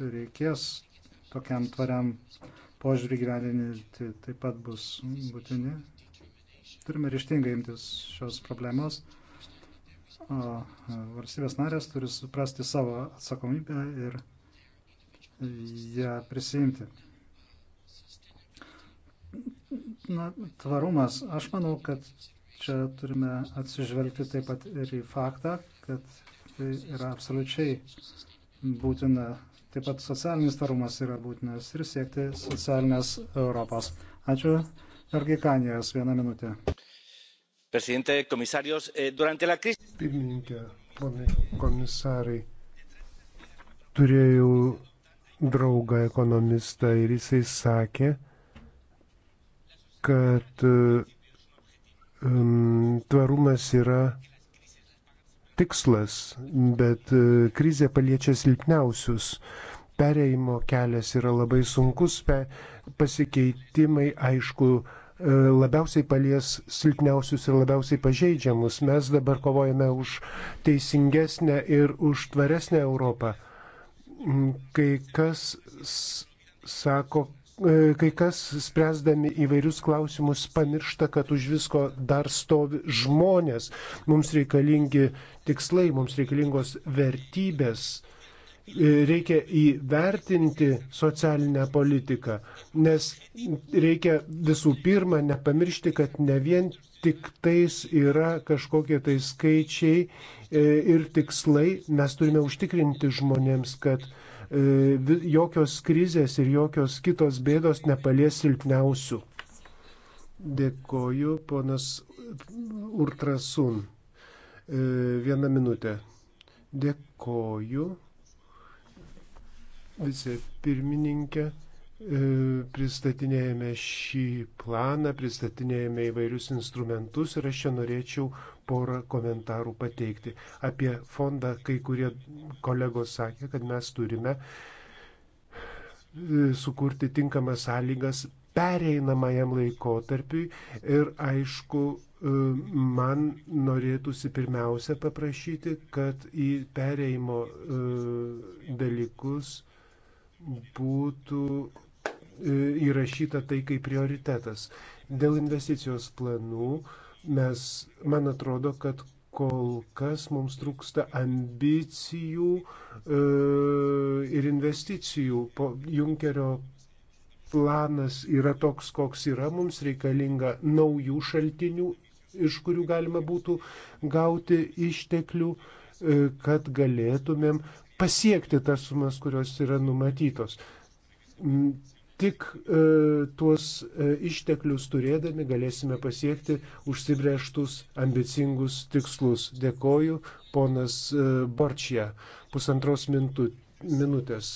reikės tokiam tvariam požiūrį gyveninti taip pat bus būtini. Turime ryštingai imtis šios problemos, o e, valstybės narės turi suprasti savo atsakomybę ir ją prisimti. Na, tvarumas. Aš manau, kad čia turime atsižvelgti taip pat ir į faktą, kad tai yra absoliučiai būtina Taip pat socialinis tvarumas yra būtinas ir siekti socialinės Europos. Ačiū. Argikanijos, vieną minutę. Presidente, komisarius, eh, durante la krisis. Pirmininkė, ponai komisarai, turėjau draugą ekonomistą ir jisai sakė, kad um, tvarumas yra tikslas, bet uh, krizė paliečia silpniausius. Uh, pereimo kelias yra labai sunkus, pasikeitimai aišku e, labiausiai palies silpniausius ir labiausiai pažeidžiamus. Mes dabar kovojame už teisingesnę ir už tvaresnę Europą. Mm, kai kas sako, e, kai kas spręsdami įvairius klausimus pamiršta, kad už visko dar stovi žmonės. Mums reikalingi tikslai, mums reikalingos vertybės E, reikia įvertinti socialinę politiką, nes reikia visų pirma nepamiršti, kad ne vien tik tais yra kažkokie tai skaičiai e, ir tikslai, mes turime užtikrinti žmonėms, kad e, jokios krizės ir jokios kitos bėdos nepalies silpniausių. Dėkoju, ponas Urtrasun. Vieną minutę. Dėkoju vicepirmininkė. E, pristatinėjame šį planą, pristatinėjame įvairius instrumentus ir aš čia norėčiau porą komentarų pateikti. Apie fondą kai kurie kolegos sakė, kad mes turime e, sukurti tinkamas sąlygas pereinamajam laikotarpiui ir aišku, e, man norėtųsi pirmiausia paprašyti, kad į pereimo dalykus būtų e, įrašyta tai kaip prioritetas. Dėl investicijos planų mes, man atrodo, kad kol kas mums trūksta ambicijų e, ir investicijų. Po Junkerio planas yra toks, koks yra, mums reikalinga naujų šaltinių, iš kurių galima būtų gauti išteklių, e, kad galėtumėm pasiekti tas sumas, kurios yra numatytos. Tik e, tuos e, išteklius turėdami galėsime pasiekti užsibrieštus ambicingus tikslus. Dėkoju, ponas e, Borčia, pusantros mintu, minutės.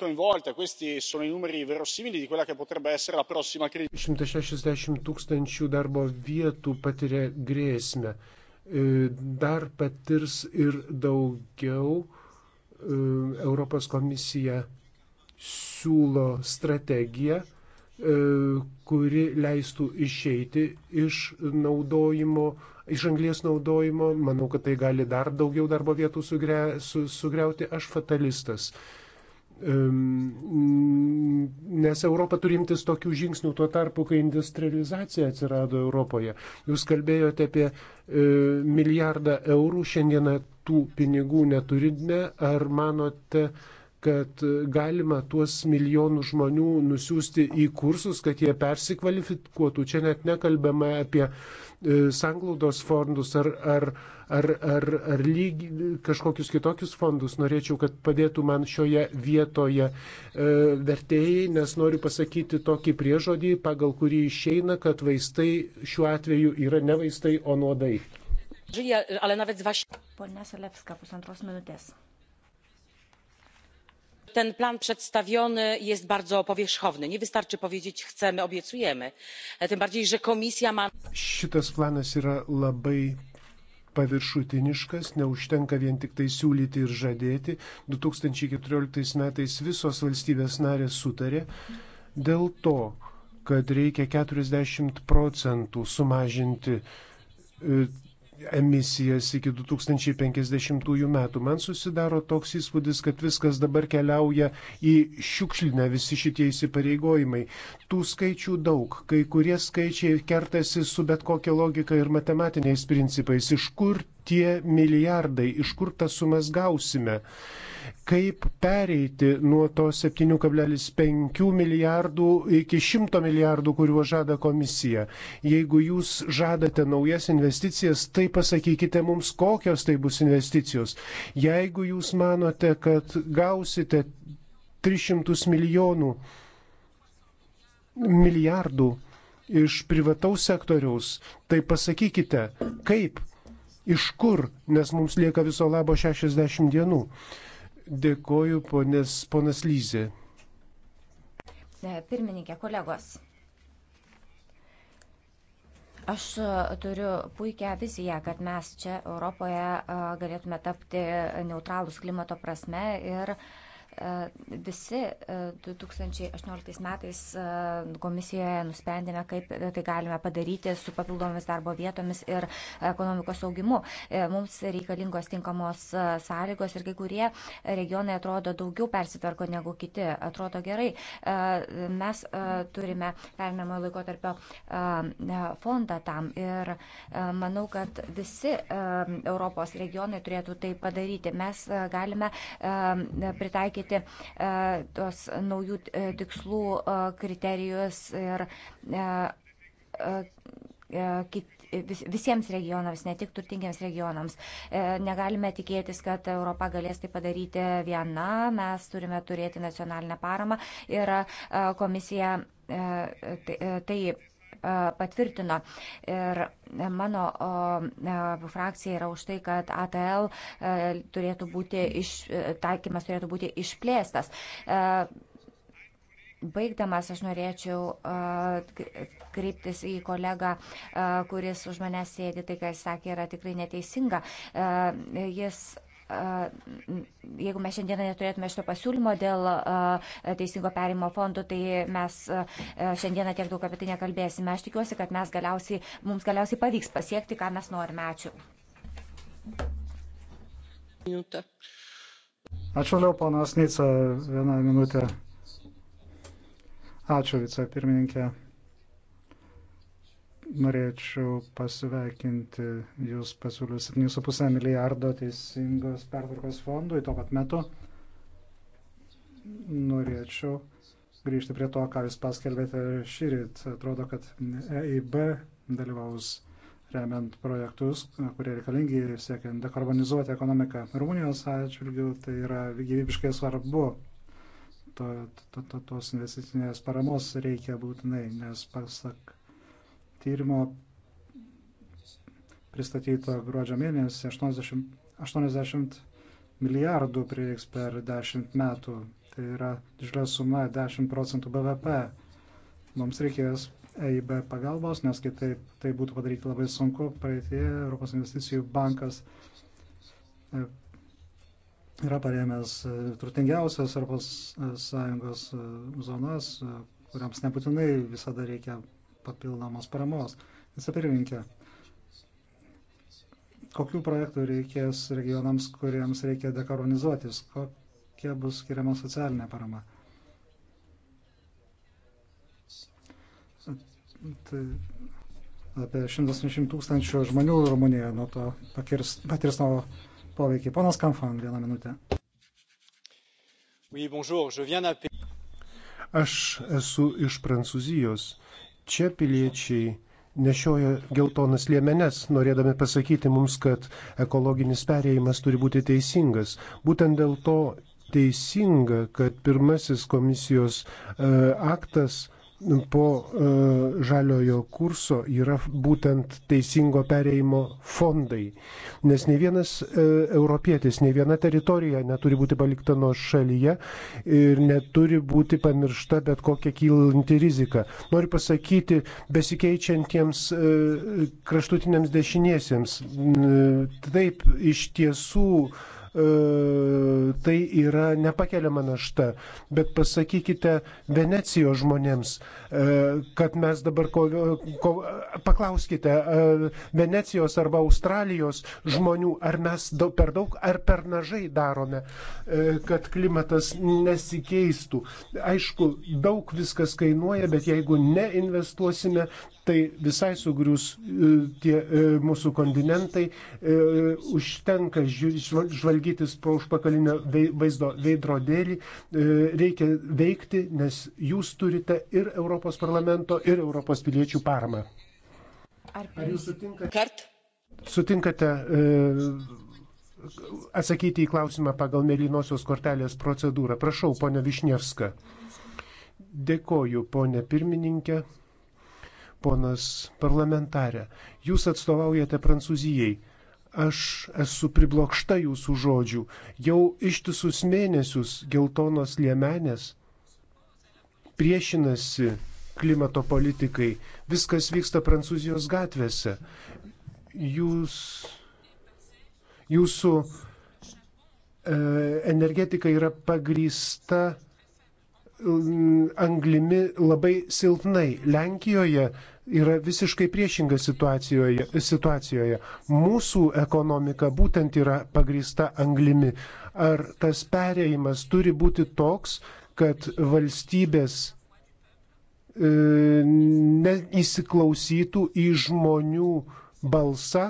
coinvolte questi sono i numeri verosimili di quella che potrebbe essere la prossima crisi. 160 tūkstančių darbo vietų patiria grėsmę. E, dar patirs ir daugiau. E, Europos komisija siūlo strategiją, e, kuri leistų išeiti iš naudojimo, iš anglės naudojimo. Manau, kad tai gali dar daugiau darbo vietų sugre, su, sugriauti. Aš fatalistas. Nes Europa turi imtis tokių žingsnių tuo tarpu, kai industrializacija atsirado Europoje. Jūs kalbėjote apie e, milijardą eurų, šiandieną tų pinigų neturime. Ar manote, kad galima tuos milijonus žmonių nusiųsti į kursus, kad jie persikvalifikuotų? Čia net nekalbame apie e, sanglaudos fondus ar, ar ar, ar, ar lyg, kažkokius kitokius fondus. Norėčiau, kad padėtų man šioje vietoje e, vertėjai, nes noriu pasakyti tokį priežodį, pagal kurį išeina, kad vaistai šiuo atveju yra ne vaistai, o nuodai. Pone Selewska, pusantros minutės ten plan przedstawiony jest bardzo powierzchowny nie wystarczy powiedzieć chcemy obiecujemy e, tym bardziej że komisja ma. šitas planas yra labai paviršutiniškas, neužtenka vien tik tai siūlyti ir žadėti. 2014 metais visos valstybės narės sutarė dėl to, kad reikia 40 procentų sumažinti e, emisijas iki 2050 metų. Man susidaro toks įspūdis, kad viskas dabar keliauja į šiukšlinę visi šitie įsipareigojimai. Tų skaičių daug, kai kurie skaičiai kertasi su bet kokia logika ir matematiniais principais. Iš kur tie milijardai, iš kur tas sumas gausime, kaip pereiti nuo to 7,5 milijardų iki 100 milijardų, kuriuo žada komisija. Jeigu jūs žadate naujas investicijas, tai pasakykite mums, kokios tai bus investicijos. Jeigu jūs manote, kad gausite 300 milijonų milijardų iš privataus sektoriaus, tai pasakykite, kaip Iš kur? Nes mums lieka viso labo 60 dienų. Dėkoju, ponės, ponas Lyzė. E, pirmininkė, kolegos. Aš e, turiu puikią viziją, kad mes čia Europoje e, galėtume tapti neutralus klimato prasme ir uh, E, visi 2018 e, metais e, komisijoje nusprendėme, kaip tai galime padaryti su papildomomis darbo vietomis ir ekonomikos augimu. Mums reikalingos tinkamos sąlygos ir kai kurie regionai atrodo daugiau persitvarko negu kiti. Atrodo gerai. Mes turime perinamojo laikotarpio fondą tam ir manau, kad visi Europos regionai turėtų tai padaryti. Mes galime pritaikyti sukurti e, tos naujų e, tikslų e, kriterijus ir visiems regionams, ne tik turtingiems regionams. Negalime tikėtis, kad Europa galės tai padaryti viena, mes turime turėti nacionalinę paramą ir komisija tai, tai E, patvirtino. Ir e, mano e, frakcija yra už tai, kad ATL turėtų būti iš, taikymas turėtų būti išplėstas. Baigdamas aš norėčiau kreiptis į kolegą, kuris už mane sėdi, tai ką jis sakė, yra tikrai neteisinga. Jis jeigu mes šiandieną neturėtume šito pasiūlymo dėl teisingo perimo fondų, tai mes šiandieną tiek daug apie tai nekalbėsime. Aš tikiuosi, kad mes galiausiai, mums galiausiai pavyks pasiekti, ką mes norime. Ačiū. Minutė. Ačiū, Liau, ponas Nica, vieną minutę. Ačiū, vicepirmininkė norėčiau pasveikinti Jūs pasiūlius 7,5 milijardo teisingos pertvarkos fondui tuo pat metu. Norėčiau grįžti prie to, ką Jūs paskelbėte šį rytą. Atrodo, kad EIB dalyvaus remiant projektus, kurie reikalingi siekiant dekarbonizuoti ekonomiką Rumunijos atžvilgių. Tai yra gyvybiškai svarbu. To, to, to, tos investicinės paramos reikia būtinai, nes pasak tyrimo pristatyto gruodžio mėnesį 80, 80 milijardų prireiks per 10 metų. Tai yra didžiulė suma 10 procentų BVP. Mums reikės EIB pagalbos, nes kitaip tai būtų padaryti labai sunku. Praeitie Europos investicijų bankas e, yra paremęs e, turtingiausias Europos e, Sąjungos zonas, kuriams nebūtinai visada reikia papildomos paramos. Vicepirminkė, kokių projektų reikės regionams, kuriems reikia dekaronizuotis, kokia bus skiriama socialinė parama? Tai apie 180 tūkstančių žmonių Rumunijoje nuo to patirs, patirs nuo poveikį. Ponas Kamfan, vieną minutę. Oui, bonjour, Aš esu iš Prancūzijos Čia piliečiai nešioja geltonas liemenes, norėdami pasakyti mums, kad ekologinis perėjimas turi būti teisingas. Būtent dėl to teisinga, kad pirmasis komisijos e, aktas po e, žaliojo kurso yra būtent teisingo pereimo fondai. Nes ne vienas e, europietis, ne viena teritorija neturi būti palikta nuo šalyje ir neturi būti pamiršta bet kokia kylanti rizika. Noriu pasakyti besikeičiantiems e, kraštutiniams dešiniesiems. Taip, iš tiesų E, tai yra nepakeliama našta. Bet pasakykite Venecijos žmonėms, e, kad mes dabar kovo, kovo, paklauskite e, Venecijos arba Australijos žmonių, ar mes daug, per daug ar per mažai darome, kad klimatas nesikeistų. Aišku, daug viskas kainuoja, bet jeigu neinvestuosime, tai visai sugrius tie mūsų kontinentai. Užtenka žvalgyti žvalgytis po užpakalinio vaizdo veidrodėlį, e, reikia veikti, nes jūs turite ir Europos parlamento, ir Europos piliečių paramą. Ar, Ar jūs sutinkate? Kart? Sutinkate e, atsakyti į klausimą pagal mėlynosios kortelės procedūrą. Prašau, ponia Višnievska. Dėkoju, ponia pirmininkė ponas parlamentarė, jūs atstovaujate Prancūzijai. Aš esu priblokšta jūsų žodžių. Jau ištisus mėnesius geltonos liemenės priešinasi klimato politikai. Viskas vyksta Prancūzijos gatvėse. Jūs, jūsų e, energetika yra pagrįsta anglimi labai silpnai. Lenkijoje yra visiškai priešinga situacijoje. situacijoje. Mūsų ekonomika būtent yra pagrįsta anglimi. Ar tas perėjimas turi būti toks, kad valstybės e, neįsiklausytų į žmonių balsą?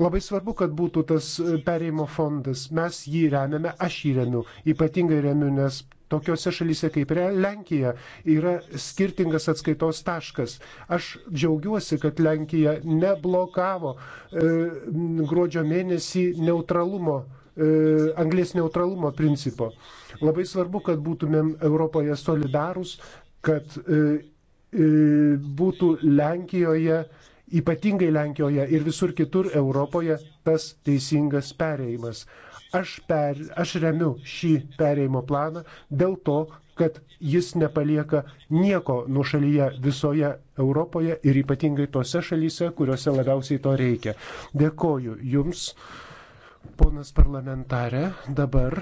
Labai svarbu, kad būtų tas perėjimo fondas. Mes jį remiame, aš jį remiu. Ypatingai remiu, nes tokiose šalyse kaip Lenkija yra skirtingas atskaitos taškas. Aš džiaugiuosi, kad Lenkija neblokavo e, gruodžio mėnesį neutralumo e, anglės neutralumo principo. Labai svarbu, kad būtumėm Europoje solidarūs, kad e, e, būtų Lenkijoje, ypatingai Lenkijoje ir visur kitur Europoje tas teisingas pereimas. Aš, per, aš remiu šį perėjimo planą dėl to, kad jis nepalieka nieko nuošalyje visoje Europoje ir ypatingai tose šalyse, kuriuose labiausiai to reikia. Dėkoju Jums, ponas parlamentarė, dabar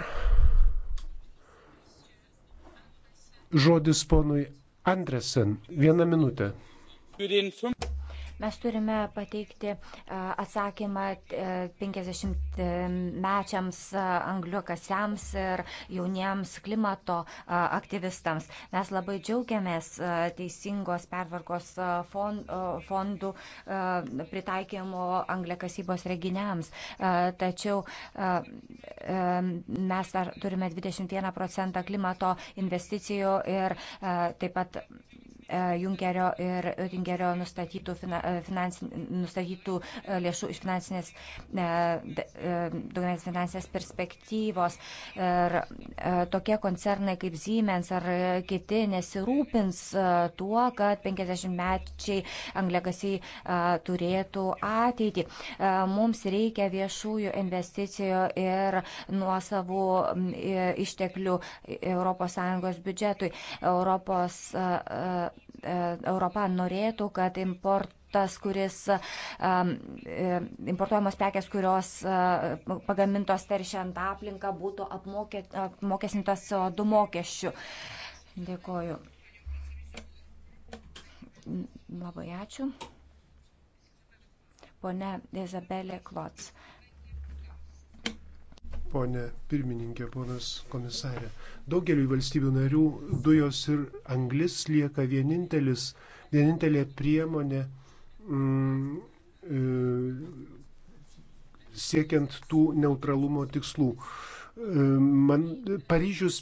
žodis ponui Andresen. Vieną minutę. Mes turime pateikti e, atsakymą 50-mečiams e, e, angliukasiams ir jauniems klimato aktyvistams. Mes labai džiaugiamės teisingos pervarkos fondų pritaikymo angliakasybos reginiams. Tačiau mes dar turime 21 procentą klimato investicijų ir taip pat E, Junkerio ir Tingerio nustatytų, e, finans, nustatytų e, lėšų iš finansinės, daugiausiai finansinės perspektyvos. Ir tokie koncernai kaip Siemens ar kiti nesirūpins tuo, kad 50-mečiai angliakasiai turėtų ateitį. Mums reikia viešųjų investicijų ir nuosavų išteklių ES biudžetui. Europos E, Europa norėtų, kad import tas, kuris um, importuojamos prekes, kurios uh, pagamintos teršiant aplinką, būtų apmokė, apmokestintos CO2 mokesčių. Dėkoju. Labai ačiū. Pone Izabelė Klots. Uh, ponė pirmininkė, ponas komisarė. Daugeliu valstybių narių dujos ir anglis lieka vienintelis, vienintelė priemonė mm, e, siekiant tų neutralumo tikslų. E, man, Paryžius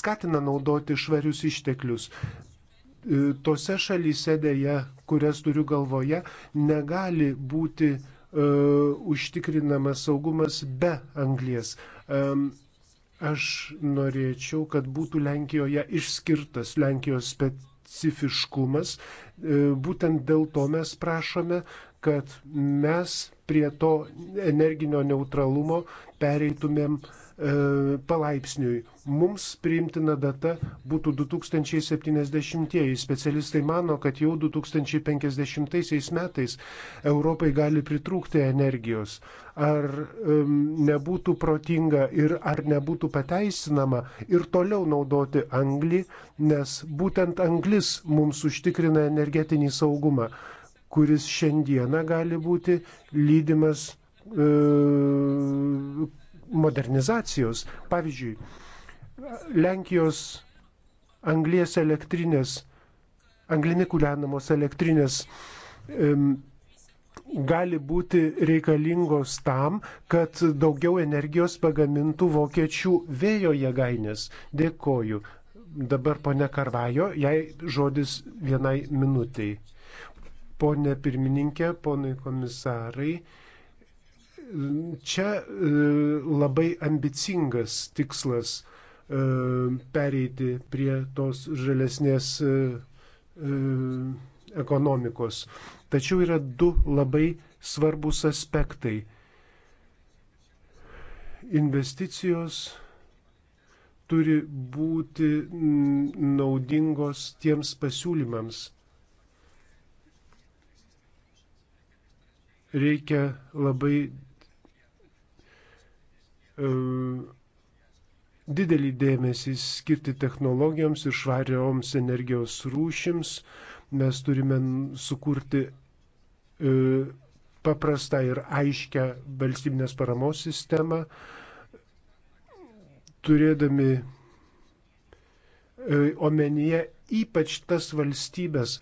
skatina naudoti švarius išteklius. E, tose šalyse dėja, kurias turiu galvoje, negali būti e, E, užtikrinamas saugumas be anglies. E, aš norėčiau, kad būtų Lenkijoje išskirtas Lenkijos specifiškumas. E, būtent dėl to mes prašome, kad mes prie to energinio neutralumo pereitumėm uh, E, palaipsniui. Mums priimtina data būtų 2070-ieji. Specialistai mano, kad jau 2050 metais Europai gali pritrūkti energijos. Ar um, nebūtų protinga ir ar nebūtų pateisinama ir toliau naudoti anglį, nes būtent anglis mums užtikrina energetinį saugumą kuris šiandieną gali būti lydimas e, modernizacijos. Pavyzdžiui, Lenkijos anglės elektrinės, anglini kūlenamos elektrinės um, gali būti reikalingos tam, kad daugiau energijos pagamintų vokiečių vėjo jėgainės. Dėkoju. Dabar ponia Karvajo, jai žodis vienai minutiai. Pone pirmininkė, ponai komisarai, Čia e, labai ambicingas tikslas e, pereiti prie tos žalesnės e, ekonomikos. Tačiau yra du labai svarbus aspektai. Investicijos turi būti mm, naudingos tiems pasiūlymams. Reikia labai E, didelį dėmesį skirti technologijoms ir švarioms energijos rūšims. Mes turime sukurti e, paprastą ir aiškę valstybinės paramos sistemą, turėdami e, omenyje ypač tas valstybės,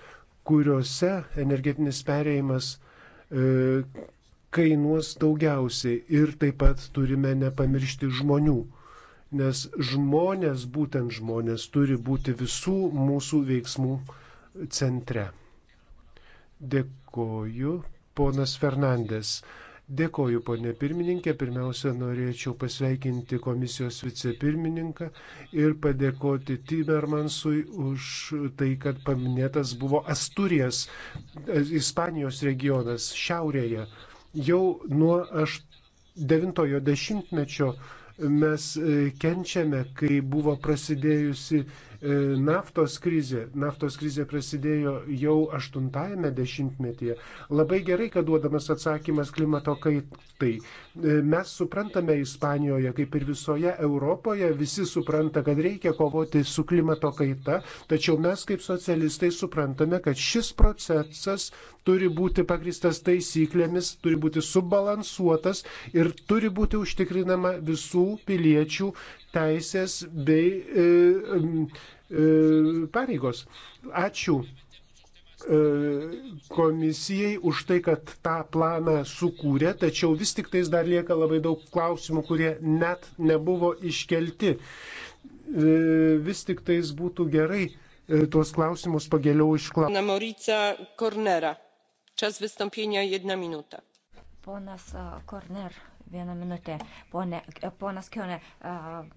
kuriuose energetinis perėjimas kainuos daugiausiai. Ir taip pat turime nepamiršti žmonių, nes žmonės, būtent žmonės, turi būti visų mūsų veiksmų centre. Dėkoju, ponas Fernandės. Dėkoju, ponė pirmininkė. Pirmiausia, norėčiau pasveikinti komisijos vicepirmininką ir padėkoti Timermansui už tai, kad paminėtas buvo Asturijas, Ispanijos regionas šiaurėje. Jau nuo 9-ojo dešimtmečio mes e, kenčiame, kai buvo prasidėjusi E, naftos krizė, naftos krizė prasidėjo jau 80-ame dešimtmetyje. Labai gerai, kad duodamas atsakymas klimato kaitai. E, mes suprantame Ispanijoje, kaip ir visoje Europoje, visi supranta, kad reikia kovoti su klimato kaita, tačiau mes kaip socialistai suprantame, kad šis procesas turi būti pagristas taisyklėmis, turi būti subalansuotas ir turi būti užtikrinama visų piliečių teisės bei e, E, pareigos. Ačiū e, komisijai už tai, kad tą planą sukūrė, tačiau vis tik tais dar lieka labai daug klausimų, kurie net nebuvo iškelti. E, vis tik tais būtų gerai tuos klausimus pagėliau išklausyti. Namorica Kornera. Čas vystąpienia jedna minuta. Ponas Korner, Vieną minutę. Pone, e, ponas Kionė,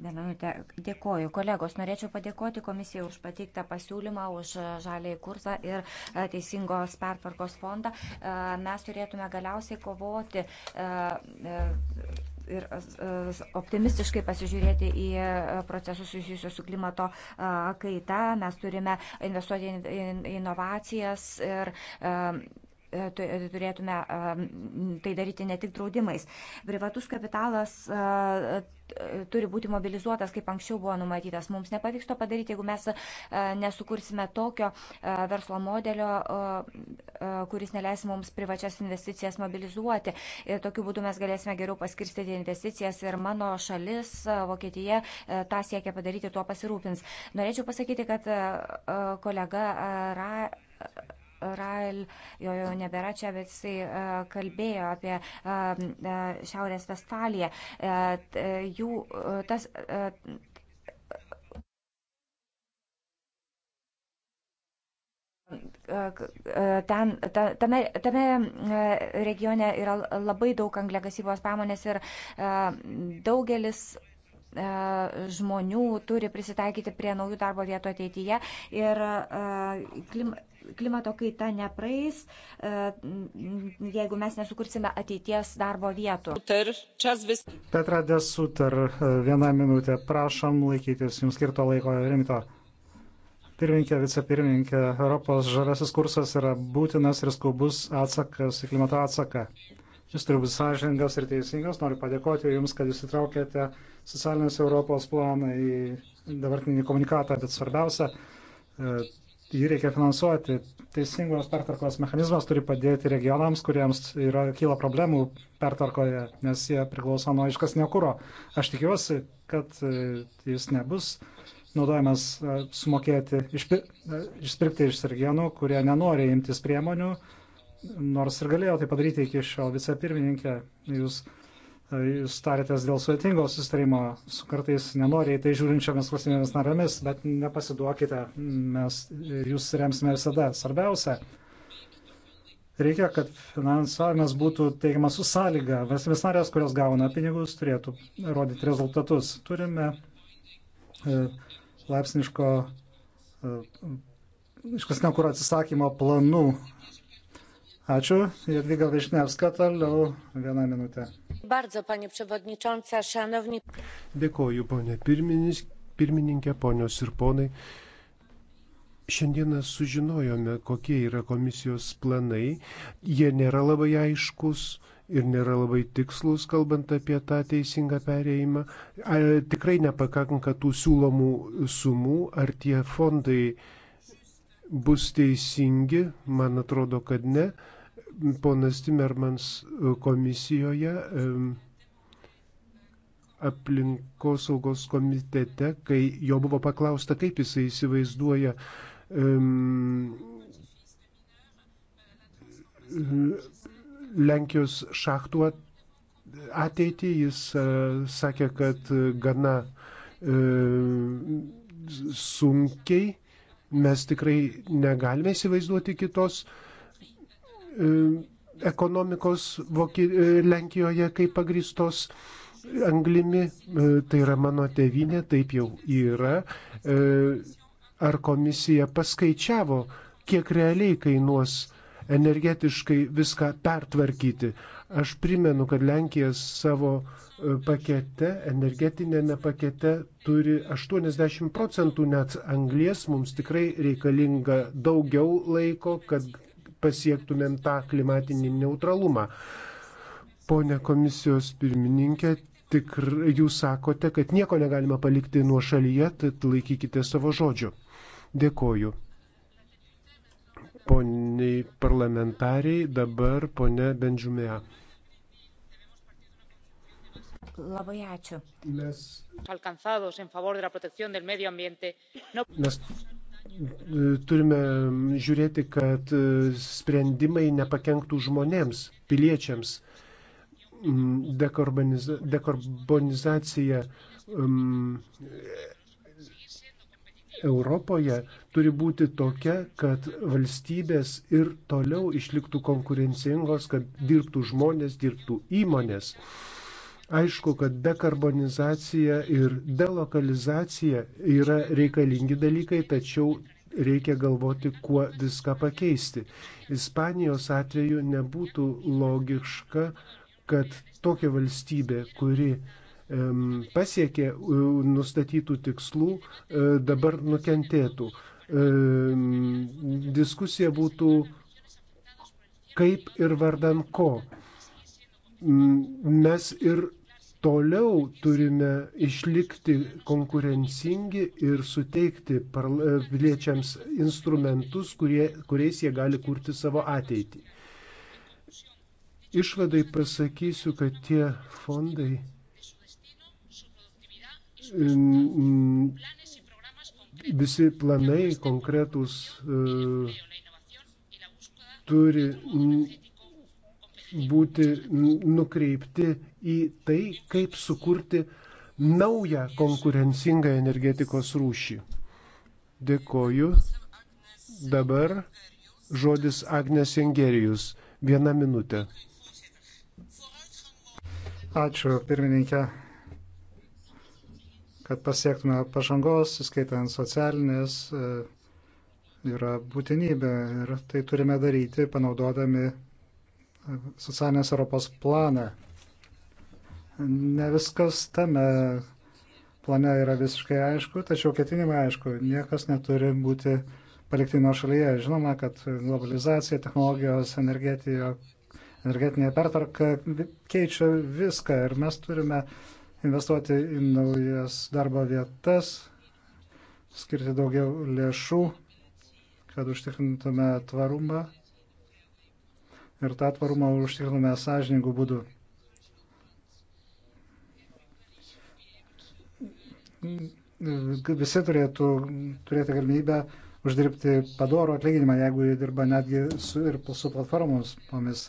vieną minutę. Dėkoju. Kolegos, norėčiau padėkoti komisijai už pateiktą pasiūlymą, už e, žaliai kursą ir e, teisingos pertvarkos fondą. Mes turėtume galiausiai kovoti ir optimistiškai pasižiūrėti į procesus susijusius su klimato kaita. Mes turime investuoti į inovacijas ir E, e, turėtume e, tai daryti ne tik draudimais. Privatus kapitalas turi būti mobilizuotas, kaip anksčiau buvo numatytas. Mums nepavyks to padaryti, jeigu mes nesukursime tokio verslo modelio, kuris neleis mums privačias investicijas mobilizuoti. Ir tokiu būdu mes galėsime geriau paskirstyti investicijas ir mano šalis, Vokietija, tą siekia padaryti, tuo pasirūpins. Norėčiau pasakyti, kad kolega Ra Rail, jo jau nebėra čia, bet jisai e, kalbėjo apie e, e, Šiaurės Vestaliją. Jų tas. Ten, tame, tame regione yra labai daug angliakasybos pamonės ir daugelis žmonių turi prisitaikyti prie naujų darbo vietų ateityje ir klima, klimato kaita nepraeis, e, jeigu mes nesukursime ateities darbo vietų. Petra Desuter, vieną minutę, prašom laikytis jums skirto laiko rimto. Pirmininkė, vicepirmininkė, Europos žaliasis kursas yra būtinas ir skubus atsakas į klimato atsaką. Jūs turi būti sąžiningas ir teisingas. Noriu padėkoti Jums, kad jūs įtraukėte socialinės Europos planą į dabartinį komunikatą, bet svarbiausia, e, jį reikia finansuoti. Teisingos pertvarkos mechanizmas turi padėti regionams, kuriems yra, kyla problemų pertvarkoje, nes jie priklauso nuo iškasnio kūro. Aš tikiuosi, kad e, jis nebus naudojamas e, sumokėti, išpi, e, išpirkti iš regionų, kurie nenori imtis priemonių, nors ir galėjo tai padaryti iki šiol vicepirmininkė. Jūs jūs tarėtės dėl sudėtingo susitarimo su kartais nenoriai tai žiūrinčiomis valstybėmis narėmis, bet nepasiduokite, mes jūs remsime visada. Svarbiausia, reikia, kad finansavimas būtų teikiamas su sąlyga. Valstybės narės, kurios gauna pinigus, turėtų rodyti rezultatus. Turime e, laipsniško e, iškasnio kūro atsisakymo planų. Ačiū. Jadviga Višnevska, toliau vieną minutę. Dėkoju, ponė pirmininkė, ponios ir ponai. Šiandieną sužinojome, kokie yra komisijos planai. Jie nėra labai aiškus ir nėra labai tikslus, kalbant apie tą teisingą perėjimą. Ar tikrai nepakanka tų siūlomų sumų, ar tie fondai bus teisingi, man atrodo, kad ne ponas Timermans e, komisijoje e, aplinkosaugos komitete, kai jo buvo paklausta, kaip jisai įsivaizduoja e, Lenkijos šachtų ateitį, jis sakė, kad gana sunkiai mes tikrai negalime įsivaizduoti kitos uh, E, ekonomikos Voki e, Lenkijoje kaip pagristos anglimi, e, tai yra mano tevinė, taip jau yra. Ar komisija paskaičiavo, kiek realiai kainuos energetiškai viską pertvarkyti? Aš primenu, kad Lenkija savo pakete, energetinėme pakete turi 80 procentų net anglies, mums tikrai reikalinga daugiau laiko, kad pasiektumėm tą klimatinį neutralumą. Pone komisijos pirmininkė, tikr, jūs sakote, kad nieko negalima palikti nuo šalyje, tad laikykite savo žodžių. Dėkoju. Poniai parlamentariai, dabar ponė Benžumėja. Labai ačiū. Mes, mes turime žiūrėti, kad sprendimai nepakenktų žmonėms, piliečiams. Dekarboniza, dekarbonizacija um, Europoje turi būti tokia, kad valstybės ir toliau išliktų konkurencingos, kad dirbtų žmonės, dirbtų įmonės. Uh, Aišku, kad dekarbonizacija ir delokalizacija yra reikalingi dalykai, tačiau reikia galvoti, kuo viską pakeisti. Ispanijos atveju nebūtų logiška, kad tokia valstybė, kuri um, pasiekė um, nustatytų tikslų, um, dabar nukentėtų. Um, diskusija būtų kaip ir vardan ko mes ir toliau turime išlikti konkurencingi ir suteikti piliečiams instrumentus, kurie, kuriais jie gali kurti savo ateitį. Išvadai pasakysiu, kad tie fondai visi planai konkretūs e, turi būti nukreipti į tai, kaip sukurti naują konkurencingą energetikos rūšį. Dėkoju. Dabar žodis Agnes Engerijus. Viena minutė. Ačiū, pirmininkė, kad pasiektume pažangos, įskaitant socialinės, e, yra būtinybė ir tai turime daryti panaudodami socialinės Europos planą. Ne viskas tame plane yra visiškai aišku, tačiau ketinimai aišku, niekas neturi būti palikti nuo šalyje. Žinoma, kad globalizacija, technologijos, energetinė pertarka keičia viską ir mes turime investuoti į naujas darbo vietas, skirti daugiau lėšų, kad užtikrintume tvarumą ir tą tvarumą užtikriname sąžiningų būdų. Visi turėtų turėti galimybę uždirbti padorų atlyginimą, jeigu jie dirba netgi su, ir su platformomis.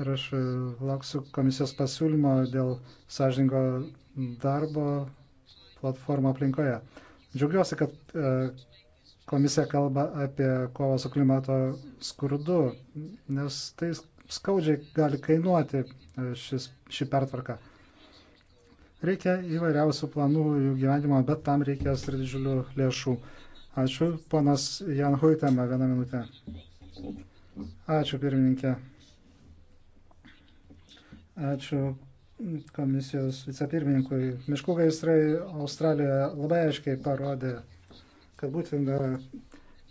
Ir aš e, lauksiu komisijos pasiūlymo dėl sąžiningo darbo platformų aplinkoje. Džiaugiuosi, kad e, komisija kalba apie kovą su klimato skurdu, nes tai skaudžiai gali kainuoti e, šis, šį pertvarką. Reikia įvairiausių planų jų gyvenimo, bet tam reikės ir didžiulių lėšų. Ačiū, ponas Jan Huitema, vieną minutę. Ačiū, pirmininkė. Ačiū komisijos vicepirmininkui. Miškų gaisrai Australijoje labai aiškiai parodė, kad būtina e,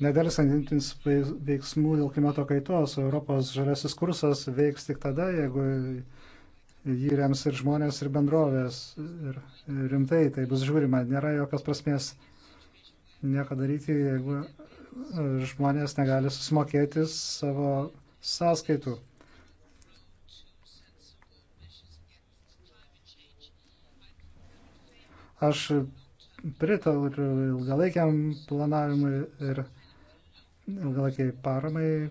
nedelsantins veiksmų dėl klimato kaitos. Europos žaliasis kursas veiks tik tada, jeigu jį rems ir žmonės, ir bendrovės. Ir rimtai tai bus žiūrima. Nėra jokios prasmės nieko daryti, jeigu e, žmonės negali susimokėti savo sąskaitų. Aš pritariu ilgalaikiam planavimui ir ilgalaikiai paramai,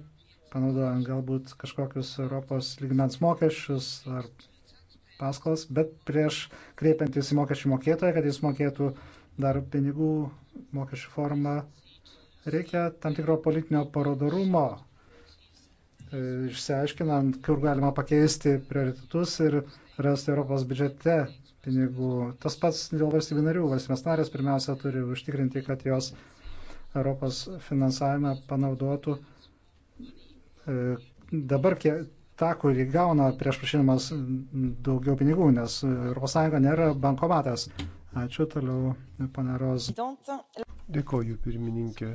panaudojant galbūt kažkokius Europos lygmens mokesčius ar paskolas, bet prieš kreipiantis į mokesčių mokėtoją, kad jis mokėtų dar pinigų mokesčių formą, reikia tam tikro politinio parodarumo, e, išsiaiškinant, kur galima pakeisti prioritetus ir rasti Europos biudžete pinigų. Tas pats dėl valstybių narių. Valstybės narės pirmiausia turi užtikrinti, kad jos Europos finansavimą panaudotų e, dabar kiek, tą, kurį gauna prieš prašydamas daugiau pinigų, nes ES nėra bankomatas. Ačiū toliau, pane Roz. Dėkoju, pirmininkė.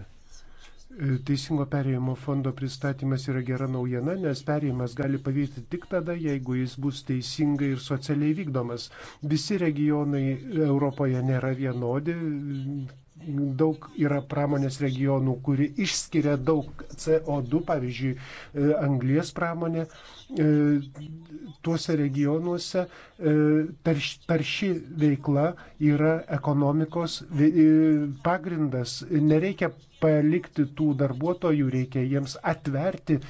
Teisingo perėjimo fondo pristatymas yra gera naujiena, nes perėjimas gali pavykti tik tada, jeigu jis bus teisingai ir socialiai vykdomas. Visi regionai Europoje nėra vienodi. Daug yra pramonės regionų, kuri išskiria daug CO2, pavyzdžiui, e, anglies pramonė. E, tuose regionuose tarš, e, tarši veikla yra ekonomikos pagrindas. Nereikia palikti tų darbuotojų, reikia jiems atverti e,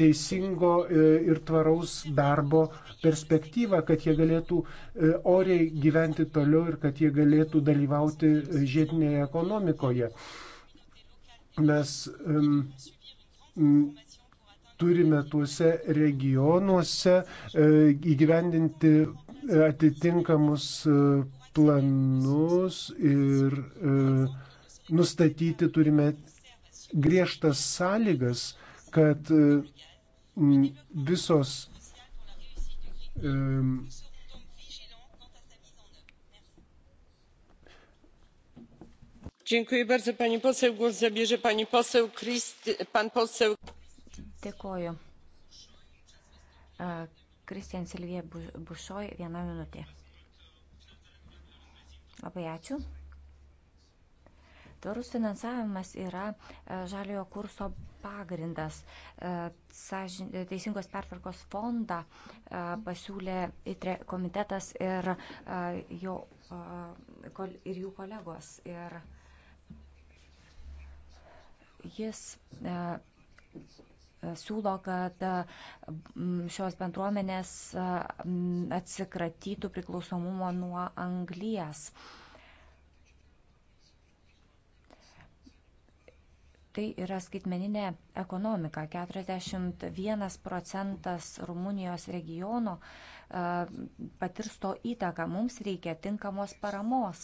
teisingo e, ir tvaraus darbo perspektyvą, kad jie galėtų e, oriai gyventi toliau ir kad jie galėtų dalyvauti e, žiedinėje ekonomikoje. Mes um, turime tuose regionuose e, įgyvendinti atitinkamus e, planus ir e, nustatyti turime griežtas sąlygas, kad visos Dėkoju. Kristian e, Silvija Bušoj, viena minutė. Labai ačiū. Tvarus finansavimas yra e, žaliojo kurso pagrindas. E, e, Teisingos pertvarkos fondą pasiūlė ITRE komitetas ir, jo, ir jų kolegos. Ir jis siūlo, kad šios bendruomenės atsikratytų priklausomumo nuo anglies. tai yra skaitmeninė ekonomika. 41 procentas Rumunijos regiono patirs to įtaką. Mums reikia tinkamos paramos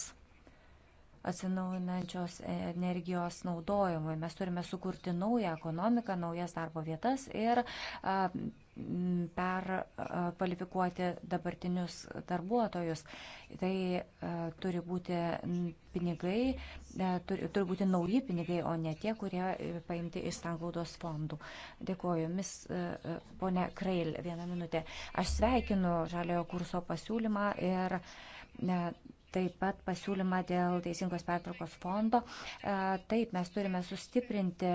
atsinaujinančios energijos naudojimui. Mes turime sukurti naują ekonomiką, naujas darbo vietas ir perkvalifikuoti dabartinius darbuotojus. Tai turi būti pinigai, e, turi, turi būti nauji pinigai, o ne tie, kurie e, paimti iš sanglaudos fondų. Dėkuoju, mis, e, ponė Kreil, vieną minutę. Aš sveikinu žaliojo kurso pasiūlymą ir ne, taip pat pasiūlymą dėl teisingos pertvarkos fondo. E, taip, mes turime sustiprinti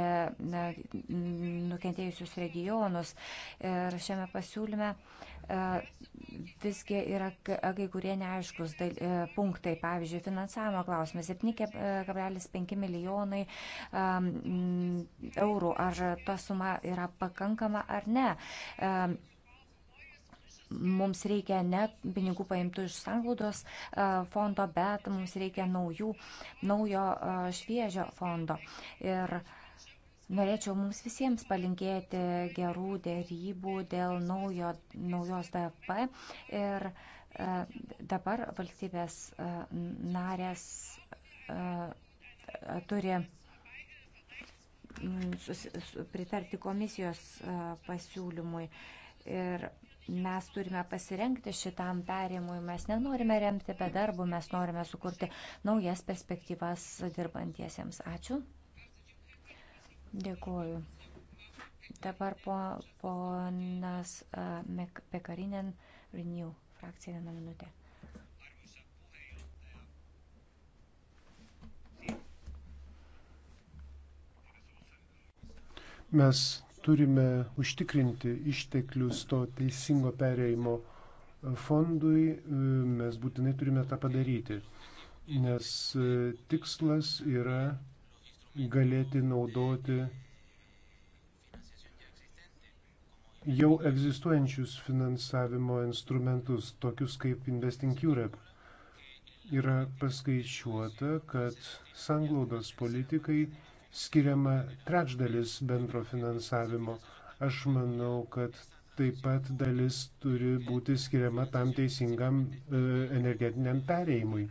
nukentėjusius regionus ir šiame pasiūlyme e, visgi yra kai kurie neaiškus e, punktai, pavyzdžiui, finansavimo klausimas 7,5 milijonai eurų, ar ta suma yra pakankama ar ne. Mums reikia ne pinigų paimtų iš sanglaudos fondo, bet mums reikia naujų, naujo šviežio fondo. Ir Norėčiau mums visiems palinkėti gerų dėrybų dėl naujo, naujos DFP ir e, dabar valstybės e, narės e, turi pritarti komisijos pasiūlymui. Ir mes turime pasirengti šitam perimui, mes nenorime remti bedarbų, mes norime sukurti naujas perspektyvas dirbantiesiems. Ačiū. Dėkuoju. Dabar po, ponas uh, Pekarinen Renew frakcija vieną minutę. Mes turime užtikrinti išteklius to teisingo pereimo fondui, mes būtinai turime tą padaryti, nes e, tikslas yra galėti naudoti jau egzistuojančius finansavimo instrumentus, tokius kaip Investing Europe. Yra paskaičiuota, kad sanglaudos politikai skiriama trečdalis bendro finansavimo. Aš manau, kad taip pat dalis turi būti skiriama tam teisingam e, energetiniam perėjimui.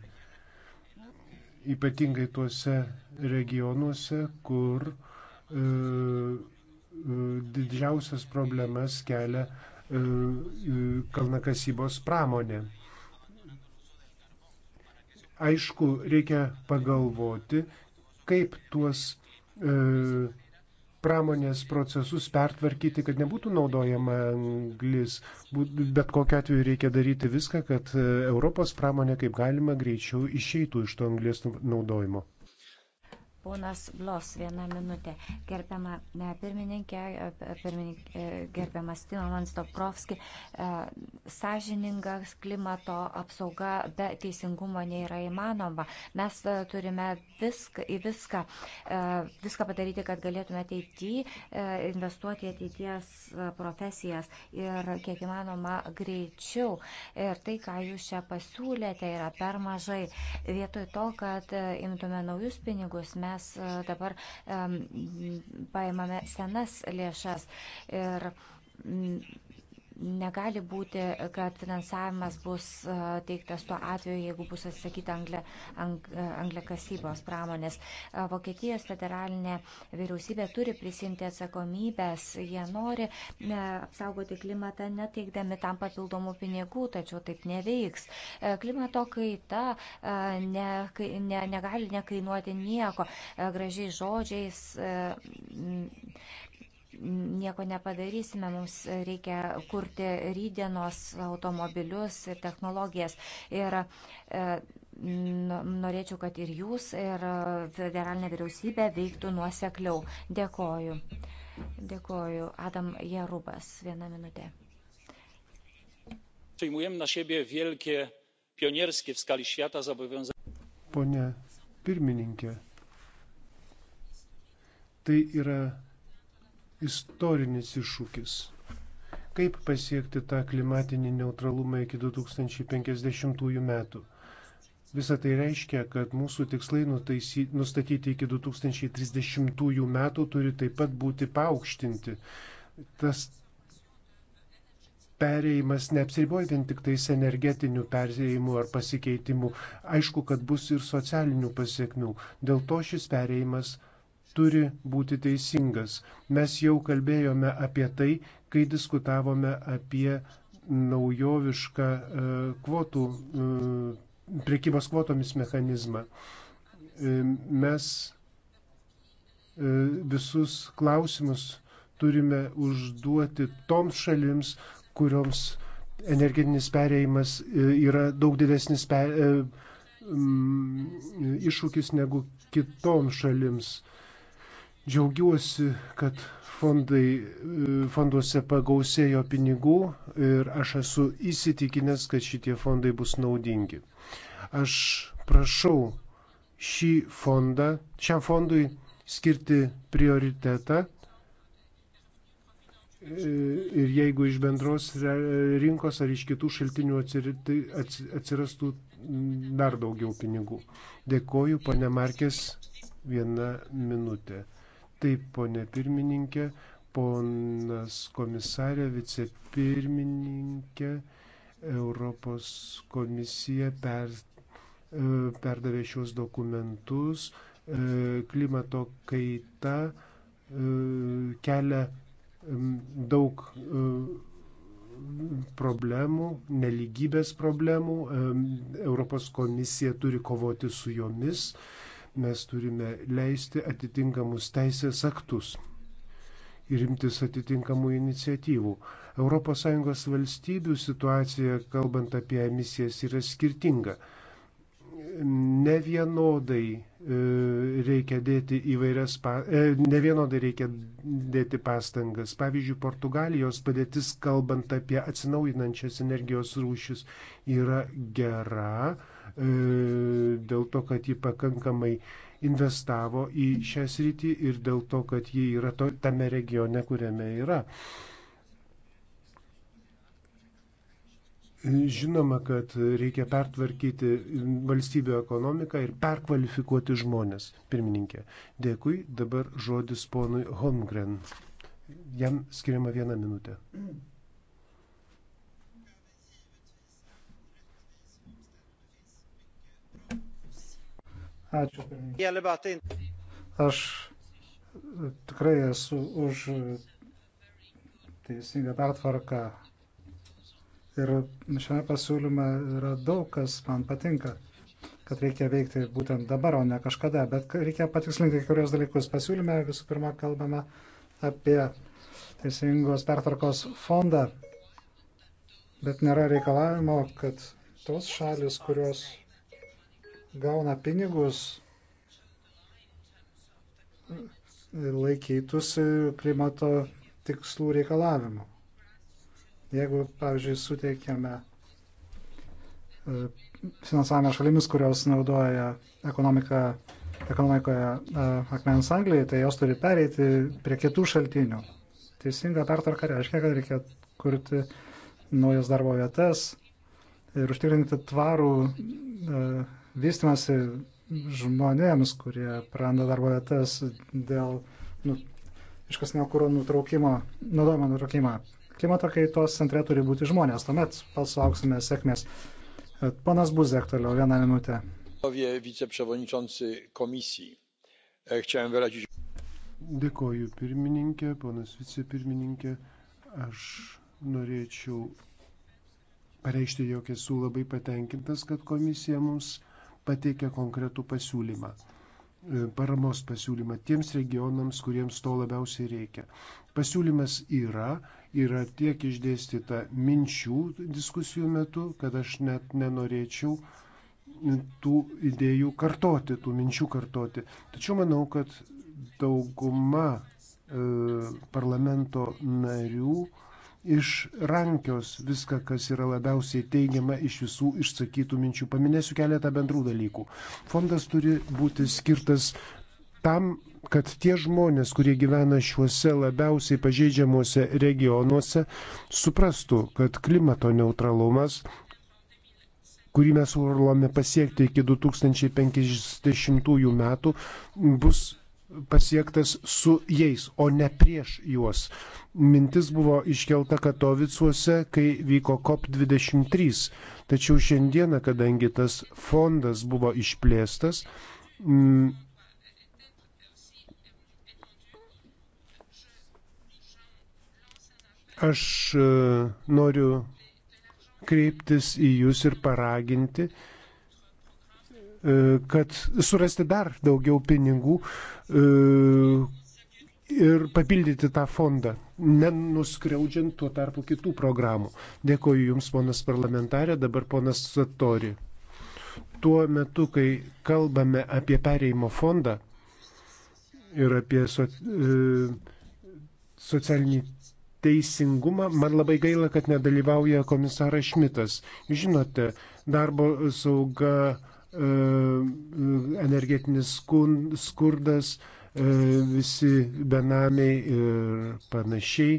Ypatingai tuose regionuose, kur e, e, didžiausias problemas kelia kalnakasybos pramonė. Aišku, reikia pagalvoti, kaip tuos E, pramonės procesus pertvarkyti, kad nebūtų naudojama anglis. Bet kokiu atveju reikia daryti viską, kad e, Europos pramonė kaip galima greičiau išeitų iš to anglės naudojimo. Ponas Blos, vieną minutę. Gerbiama ne, pirmininkė, e, pirmininkė, e, gerbiamas Timomans Dobrovski, e, sąžiningas klimato apsauga be teisingumo nėra įmanoma. Mes turime viską, į viską, viską padaryti, kad galėtume ateityje investuoti į ateities profesijas ir kiek įmanoma greičiau. Ir tai, ką jūs čia pasiūlėte, yra per mažai. Vietoj to, kad imtume naujus pinigus, mes mes e, dabar paimame senas lėšas ir Negali būti, kad finansavimas bus teiktas tuo atveju, jeigu bus atsisakyta anglė, ang, anglėkasybos pramonės. Vokietijos federalinė vyriausybė turi prisimti atsakomybės, jie nori apsaugoti klimatą, neteikdami tam papildomų pinigų, tačiau taip neveiks. Klimato kaita ne, ne, negali nekainuoti nieko. Gražiai žodžiais nieko nepadarysime, mums reikia kurti rydienos automobilius ir technologijas. Ir, e, Norėčiau, kad ir jūs, ir federalinė vyriausybė veiktų nuosekliau. Dėkoju. Dėkoju. Adam Jarubas, vieną minutę. Przyjmujemy na siebie wielkie pionierskie w skali świata zobowiązania. Pone pirmininkė, tai yra istorinis iššūkis. Kaip pasiekti tą klimatinį neutralumą iki 2050 metų? Visą tai reiškia, kad mūsų tikslai nustatyti iki 2030 metų turi taip pat būti paaukštinti. Tas perėjimas neapsiriboja vien tik tais energetinių perėjimų ar pasikeitimų. Aišku, kad bus ir socialinių pasiekmių. Dėl to šis perėjimas turi būti teisingas. Mes jau kalbėjome apie tai, kai diskutavome apie naujovišką e, kvotų, e, priekybos kvotomis mechanizmą. E, mes visus klausimus turime užduoti toms šalims, kurioms energetinis perėjimas yra daug didesnis per, iššūkis negu kitoms šalims. Džiaugiuosi, kad fondai, e, fonduose pagausėjo pinigų ir aš esu įsitikinęs, kad šitie fondai bus naudingi. Aš prašau šį fondą, šiam fondui skirti prioritetą e, ir jeigu iš bendros rinkos ar iš kitų šaltinių atsirastų dar daugiau pinigų. Dėkoju, pane Markės, vieną minutę. Taip, ponė pirmininkė, ponas komisarė, vicepirmininkė, Europos komisija per, e, perdavė šios dokumentus. E, klimato kaita e, kelia daug problemų, neligybės problemų. Europos komisija turi kovoti su jomis mes turime leisti atitinkamus teisės aktus ir imtis atitinkamų iniciatyvų. ES valstybių situacija, kalbant apie emisijas, yra skirtinga. Ne vienodai e, reikia dėti įvairias, e, ne vienodai reikia dėti pastangas. Pavyzdžiui, Portugalijos padėtis, kalbant apie atsinaujinančias energijos rūšis, yra gera E, dėl to, kad ji pakankamai investavo į šią sritį ir dėl to, kad ji yra to, tame regione, kuriame yra. Žinoma, kad reikia pertvarkyti valstybių ekonomiką ir perkvalifikuoti žmonės. Pirmininkė, dėkui. Dabar žodis ponui Holmgren. Jam skiriama viena minutė. Mm. Ačiū. Aš e, tikrai esu už e, teisingą pertvarką. Ir šiame pasiūlyme yra daug, kas man patinka, kad reikia veikti būtent dabar, o ne kažkada. Bet reikia patikslinti kai kurios dalykus. Pasiūlyme visų pirma kalbame apie teisingos pertvarkos fondą. Bet nėra reikalavimo, kad tos šalis, kurios gauna pinigus, laikytųsi klimato tikslų reikalavimų. Jeigu, pavyzdžiui, suteikiame e, finansavimą šalimis, kurios naudoja ekonomiką, ekonomikoje e, akmens angliai, tai jos turi pereiti prie kitų šaltinių. Teisinga pertvarka reiškia, kad reikia kurti naujas darbo vietas ir užtikrinti tvarų e, vystimas žmonėms, kurie praranda darbo vietas dėl nu, iškasnio kūro nutraukimo, naudojimo nutraukimo. Klimato kaitos centre turi būti žmonės, tuomet palsauksime sėkmės. Panas Buzek toliau, vieną minutę. E, Dėkoju pirmininkė, panas vicepirmininkė. Aš norėčiau pareikšti, jog esu labai patenkintas, kad komisija mums pateikė konkretų pasiūlymą e, paramos pasiūlymą tiems regionams, kuriems to labiausiai reikia. Pasiūlymas yra, yra tiek išdėstyta minčių diskusijų metu, kad aš net nenorėčiau tų idėjų kartoti, tų minčių kartoti. Tačiau manau, kad dauguma e, parlamento narių e, išrankios viską, kas yra labiausiai teigiama iš visų išsakytų minčių. Paminėsiu keletą bendrų dalykų. Fondas turi būti skirtas tam, kad tie žmonės, kurie gyvena šiuose labiausiai pažeidžiamuose regionuose, suprastų, kad klimato neutralumas kurį mes urlome pasiekti iki 2050 metų, bus pasiektas su jais, o ne prieš juos. Mintis buvo iškelta Katovicuose, kai vyko COP23. Tačiau šiandieną, kadangi tas fondas buvo išplėstas, m, aš e, noriu kreiptis į Jūs ir paraginti, E, kad surasti dar daugiau pinigų e, ir papildyti tą fondą, nenuskriaudžiant tuo tarpu kitų programų. Dėkoju Jums, ponas parlamentarė, dabar ponas Satori. Tuo metu, kai kalbame apie pereimo fondą ir apie so, e, socialinį teisingumą, man labai gaila, kad nedalyvauja komisaras Šmitas. Žinote, darbo sauga E, energetinis skurdas, e, visi benamiai ir panašiai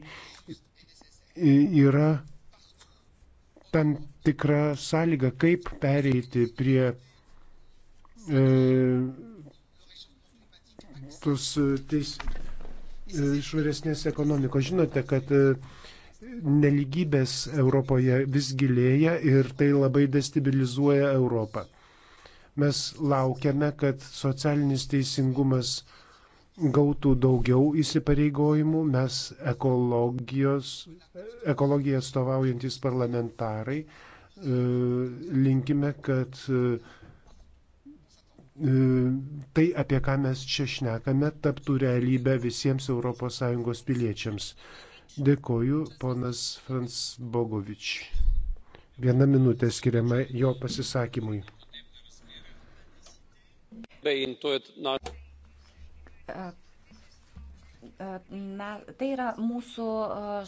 yra tam tikra sąlyga, kaip pereiti prie e, tos teis, švaresnės ekonomikos. Žinote, kad neligybės Europoje vis gilėja ir tai labai destabilizuoja Europą. Mes laukiame, kad socialinis teisingumas gautų daugiau įsipareigojimų. Mes ekologiją atstovaujantis parlamentarai e, linkime, kad e, tai, apie ką mes čia šnekame, taptų realybę visiems ES piliečiams. Dėkoju, ponas Frans Bogovič. Viena minutė skiriama jo pasisakymui. Evropei in to je naš. Na, tai yra mūsų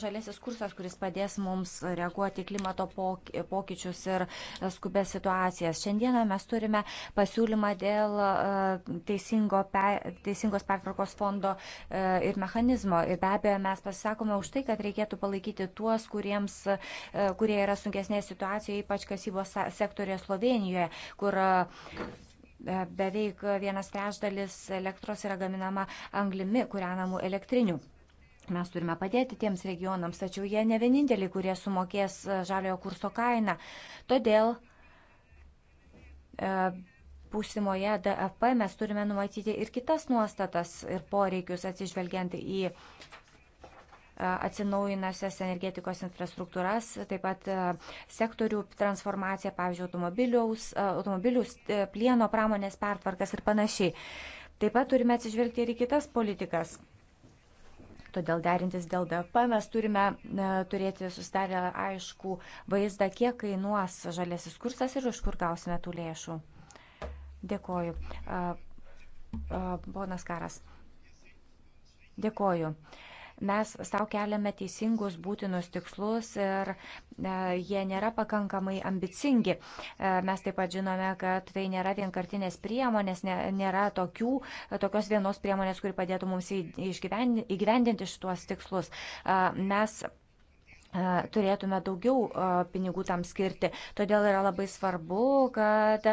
žalėsis kursas, kuris padės mums reaguoti klimato pokyčius ir skubės situacijas. Šiandieną mes turime pasiūlymą dėl teisingo, teisingos pertvarkos fondo ir mechanizmo. Ir be abejo, mes pasisakome už tai, kad reikėtų palaikyti tuos, kuriems, kurie yra sunkesnėje situacijoje, ypač kasybos sektorėje Slovenijoje, kur E, beveik vienas trešdalis elektros yra gaminama anglimi kūrenamų elektrinių. Mes turime padėti tiems regionams, tačiau jie ne vieninteliai, kurie sumokės žaliojo kurso kainą. Todėl e, būsimoje DFP mes turime numatyti ir kitas nuostatas ir poreikius atsižvelgiant į atsinaujinasias energetikos infrastruktūras, taip pat e, sektorių transformaciją, pavyzdžiui, e, automobilių, e, plieno pramonės pertvarkas ir panašiai. Taip pat turime atsižvelgti ir į kitas politikas. Todėl derintis dėl DP mes turime e, turėti susidarę aišku vaizdą, kiek kainuos žalėsis kursas ir iš kur gausime tų lėšų. Dėkoju. E, e, Bonas Karas. Dėkoju. E, mes savo keliame teisingus būtinus tikslus ir e, jie nėra pakankamai ambicingi. E, mes taip pat žinome, kad tai nėra vienkartinės priemonės, nėra tokių, tokios vienos priemonės, kuri padėtų mums įgyvendinti šitos tikslus. E, mes turėtume daugiau pinigų tam skirti. Todėl yra labai svarbu, kad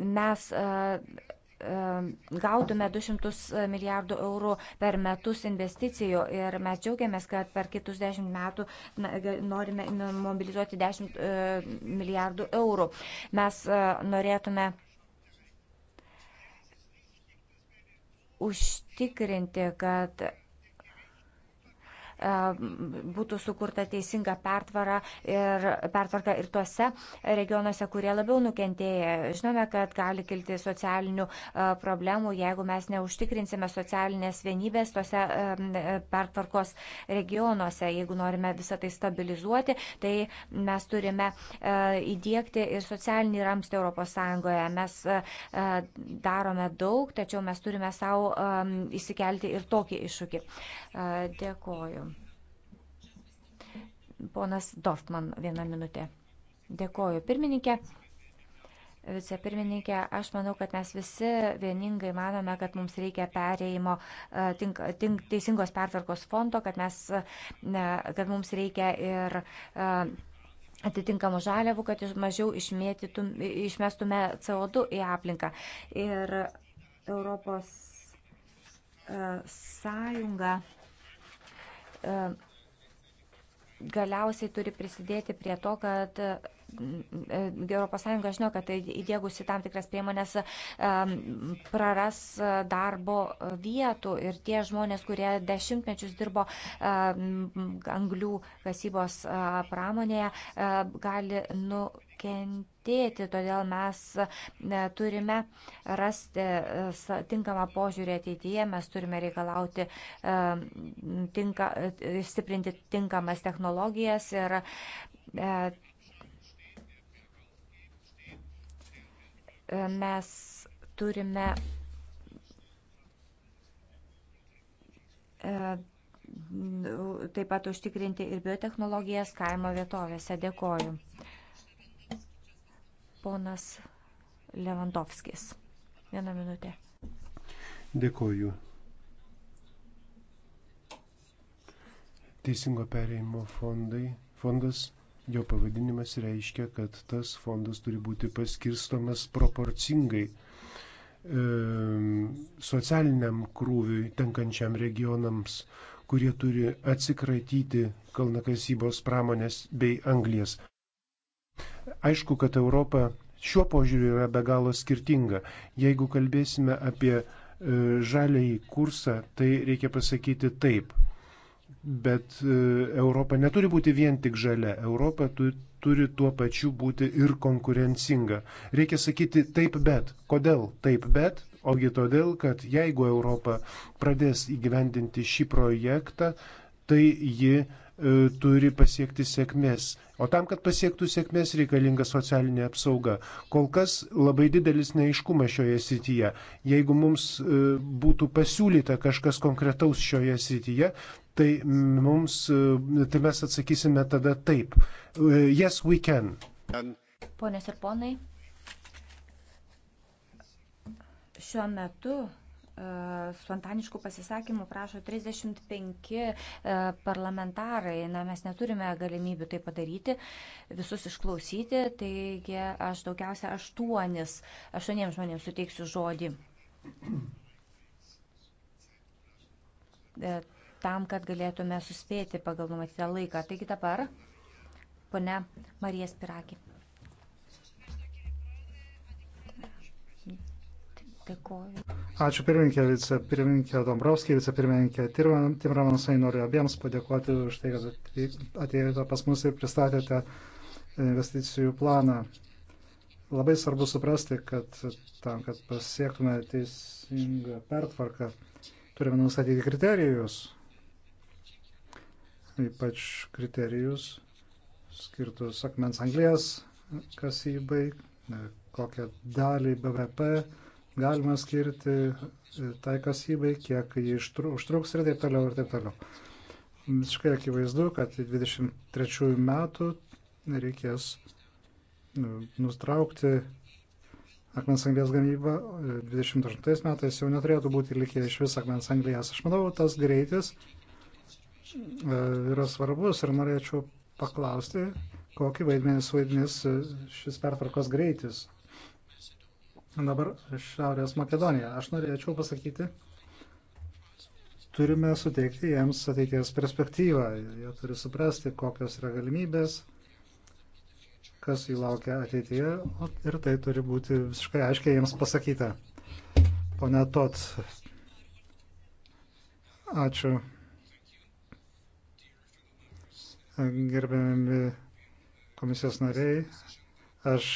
mes gautume 200 milijardų eurų per metus investicijų ir mes džiaugiamės, kad per kitus 10 metų norime mobilizuoti 10 e, milijardų eurų. Mes e, norėtume užtikrinti, kad būtų sukurta teisinga pertvara ir pertvarka ir tuose regionuose, kurie labiau nukentėję. Žinome, kad gali kilti socialinių e, problemų, jeigu mes neužtikrinsime socialinės vienybės tuose e, pertvarkos regionuose. Jeigu norime visą tai stabilizuoti, tai mes turime e, įdėkti ir socialinį ramstį Europos Sąjungoje. Mes darome daug, tačiau mes turime savo įsikelti ir tokį iššūkį. Dėkoju. Ponas Dorfman, vieną minutę. Dėkoju, pirmininkė. Vicepirmininkė, aš manau, kad mes visi vieningai manome, kad mums reikia pereimo e, tink, tink, teisingos pertvarkos fondo, kad, mes, ne, kad mums reikia ir e, atitinkamų žaliavų, kad mažiau išmestume CO2 į aplinką. Ir Europos e, sąjunga galiausiai turi prisidėti prie to, kad mm, mm, ES žino, kad tai įdėgusi tam tikras priemonės praras darbo vietų ir tie žmonės, kurie dešimtmečius dirbo anglių kasybos pramonėje, gali nu kentėti, todėl mes e, turime rasti e, tinkamą požiūrį ateityje, mes turime reikalauti e, tinka, stiprinti tinkamas technologijas ir mes turime taip pat užtikrinti ir biotehnologijas kaimo vietovėse. Dėkoju. Ponas Levandovskis. Vieną minutę. Dėkoju. Teisingo pereimo fondai, fondas, jo pavadinimas reiškia, kad tas fondas turi būti paskirstomas proporcingai e, socialiniam krūviui tenkančiam regionams, kurie turi atsikratyti kalnakasybos pramonės bei anglės. Aišku, kad Europa šiuo požiūriu yra be galo skirtinga. Jeigu kalbėsime apie e, žaliai kursą, tai reikia pasakyti taip. Bet e, Europa neturi būti vien tik žalia. Europa tu, turi tuo pačiu būti ir konkurencinga. Reikia sakyti taip, bet. Kodėl taip, bet? Ogi todėl, kad jeigu Europa pradės įgyvendinti šį projektą, tai ji E, turi pasiekti sėkmės. O tam, kad pasiektų sėkmės, reikalinga socialinė apsauga. Kol kas labai didelis neiškumas šioje srityje. Jeigu mums e, būtų pasiūlyta kažkas konkretaus šioje srityje, tai, mums, e, tai mes atsakysime tada taip. Yes, we can. Ponės ir ponai, šiuo metu spontaniškų pasisakymų prašo 35 e, parlamentarai. Na, mes neturime galimybių tai padaryti, visus išklausyti, taigi aš daugiausia aštuonis, aštuoniems žmonėms suteiksiu žodį. E, tam, kad galėtume suspėti pagal numatytą laiką. Taigi dabar, ponia Marija Spirakė. Dėkuoju. Ačiū pirmininkė, vicepirmininkė Dombrovskija, vicepirmininkė Timramanasai. Noriu abiems padėkoti už tai, kad atėjote pas mus ir pristatėte investicijų planą. Labai svarbu suprasti, kad tam, kad pasiektume teisingą pertvarką, turime nustatyti kriterijus. Ypač kriterijus skirtus akmens anglės kasybai, kokią dalį BVP galima skirti e, tai kasybai, kiek ji užtruks ir taip toliau ir taip toliau. Visiškai akivaizdu, kad 23 metų reikės e, nustraukti akmens anglės gamybą 28 e, metais jau neturėtų būti likę iš vis akmens anglės. Aš manau, tas greitis yra svarbus ir norėčiau paklausti, kokį vaidmenį suvaidinės šis pertvarkos greitis Dabar Šiaurės Makedonija. Aš norėčiau pasakyti, turime suteikti jiems ateities perspektyvą. Jie turi suprasti, kokios yra galimybės, kas jų laukia ateityje ir tai turi būti visiškai aiškiai jiems pasakyta. Pone Tot, ačiū. Gerbiami komisijos nariai, Aš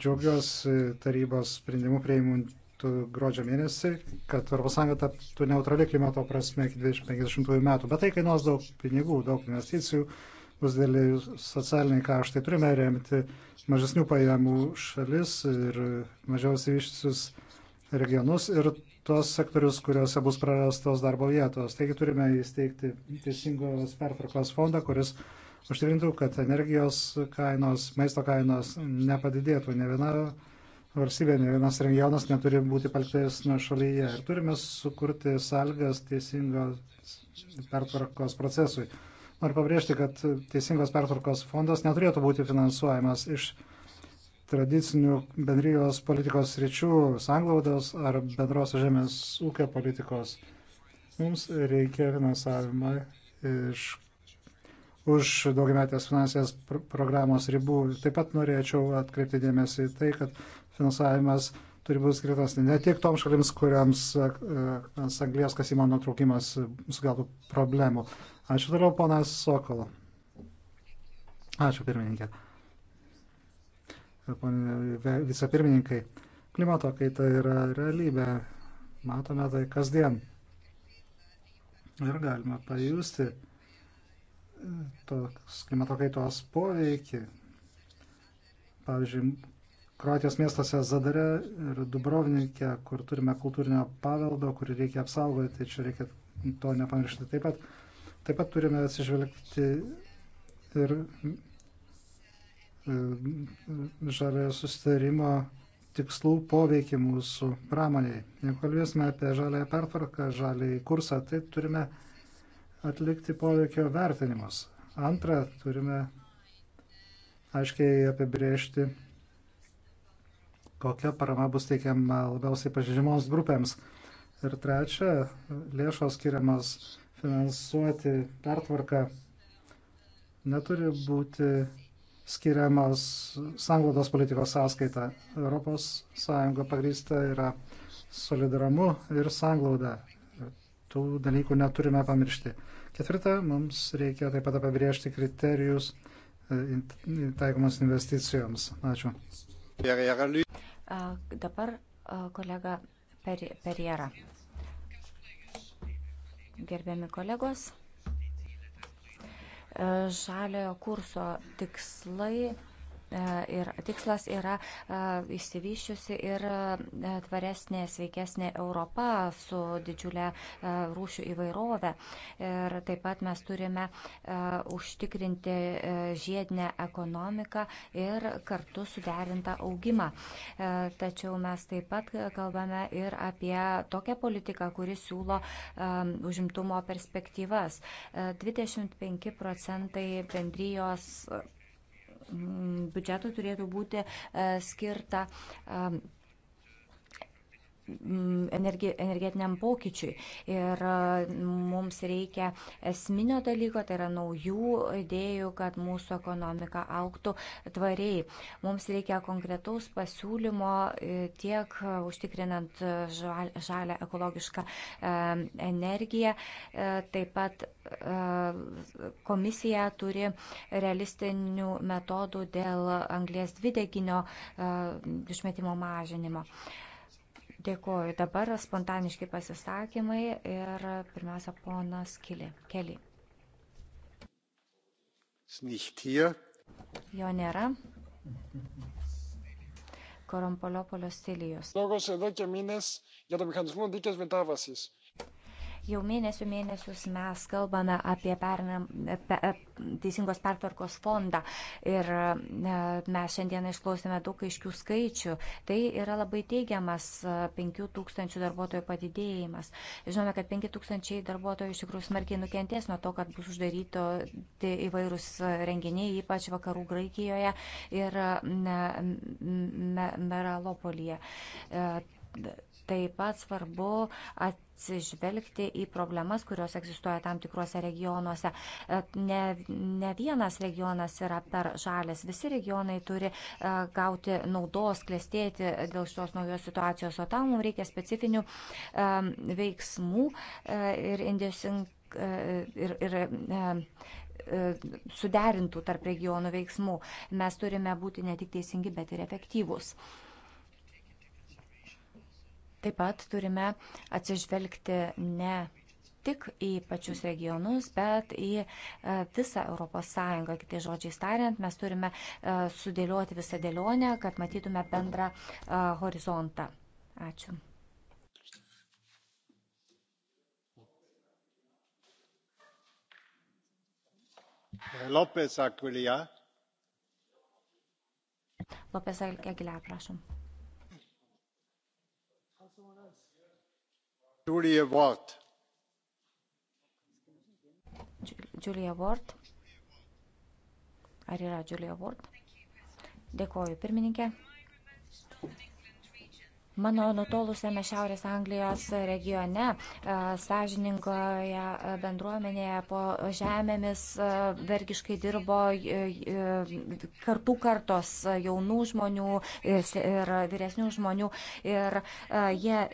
džiaugiuosi tarybos sprendimų prieimtų gruodžio mėnesį, kad ES taptų neutrali klimato prasme iki 2050 metų. Bet tai kainuos daug pinigų, daug investicijų, bus dėlį socialiniai kaštai. Turime remti mažesnių pajamų šalis ir mažiausiai išsius regionus ir tuos sektorius, kuriuose bus prarastos darbo vietos. Taigi turime įsteigti teisingos pertvarkos fondą, kuris užtikrintų, kad energijos kainos, maisto kainos nepadidėtų. Ne viena valstybė, ne vienas regionas neturi būti paliktas nuo šalyje. Ir turime sukurti sąlygas teisingos pertvarkos procesui. Noriu pabrėžti, kad teisingos pertvarkos fondas neturėtų būti finansuojamas iš tradicinių bendrijos politikos ryčių, sanglaudos ar bendros žemės ūkio politikos. Mums reikia finansavimą iš už daugiametės finansės pr programos ribų. Taip pat norėčiau atkreipti dėmesį į tai, kad finansavimas turi būti skirtas ne tik toms šalims, kuriams e, e, anglės kasimo nutraukimas sugaltų problemų. Ačiū toliau, ponas Sokolo. Ačiū, pirmininkė. E, vicepirmininkai, klimato kaita yra realybė. Matome tai kasdien. Ir galima pajusti toks klimato kaitos poveikį. Pavyzdžiui, Kroatijos miestuose Zadare ir Dubrovnike, kur turime kultūrinio paveldo, kurį reikia apsaugoti, tai čia reikia to nepamiršti taip pat. Taip pat turime atsižvelgti ir e, žaliojo sustarimo tikslų poveikį mūsų pramoniai. Jeigu kalbėsime apie žaląją pertvarką, žalį kursą, tai turime uh, atlikti poveikio vertinimus. Antra, turime aiškiai apibriežti, kokia parama bus teikiama labiausiai pažeidžiamoms grupėms. Ir trečia, lėšos skiriamas finansuoti pertvarką neturi būti skiriamas sanglodos politikos sąskaita. ES pagrįsta yra solidarumu ir sanglauda tų dalykų neturime pamiršti. Ketvirta, mums reikia taip pat apibriežti kriterijus e, taikomas investicijoms. Ačiū. Dabar kolega Perjera. Gerbiami kolegos, e, žaliojo kurso tikslai E, ir tikslas yra e, išsivyščiusi ir e, tvaresnė, sveikesnė Europa su didžiulė rūšių įvairovė. Ir taip pat mes turime užtikrinti žiedinę ekonomiką ir kartu suderintą augimą. Tačiau mes taip pat kalbame ir apie tokią politiką, kuri siūlo užimtumo perspektyvas. 25 procentai bendrijos biudžeto turėtų būti e, skirta Mm, energi, energetiniam pokyčiui. Ir e, mums reikia esminio dalyko, tai yra naujų idėjų, kad mūsų ekonomika auktų tvariai. Mums reikia konkretaus pasiūlymo e, tiek užtikrinant žalę ekologišką e, energiją, taip pat komisija turi realistinių metodų dėl anglės dvideginio išmetimo mažinimo. Uh, Dėkuoju. Dabar spontaniški pasisakymai ir pirmiausia ponas Keli. Jo nėra. Κορομπολόπολος Στήλιος. Λόγος εδώ και μήνες για το μηχανισμό δίκαιας μετάβασης Jau mėnesių mėnesius mes kalbame apie pernam, pe, e, teisingos pertvarkos fondą ir e, mes šiandien išklausėme daug aiškių skaičių. Tai yra labai teigiamas 5000 e, darbuotojų padidėjimas. Žinome, kad 5000 darbuotojų iš tikrųjų smarkiai nukentės nuo to, kad bus uždaryto įvairūs renginiai, ypač vakarų Graikijoje ir Meralopolyje. Me, me, Taip pat svarbu atsižvelgti į problemas, kurios egzistuoja tam tikruose regionuose. E, ne, ne vienas regionas yra per žalės. Visi regionai turi e, gauti naudos, klėstėti dėl šios naujos situacijos, o tam mums reikia specifinių e, veiksmų ir indėsink. Ir, ir, suderintų tarp regionų veiksmų. Mes turime būti ne tik teisingi, bet ir efektyvūs. Taip pat turime atsižvelgti ne tik į pačius regionus, bet į e, visą ES. Kitai žodžiai tariant, mes turime e, sudėlioti visą dėlionę, kad matytume bendrą e, horizontą. Ačiū. Lopes Aguilar. Lopes Aguilar, prašom. Julia Ward. Julia Ward. Ar yra Julia Ward? Dėkoju, pirmininkė. Mano nutolusiame Šiaurės Anglijos regione, sąžininkoje bendruomenėje po žemėmis vergiškai dirbo kartų kartos jaunų žmonių ir vyresnių žmonių. Ir jie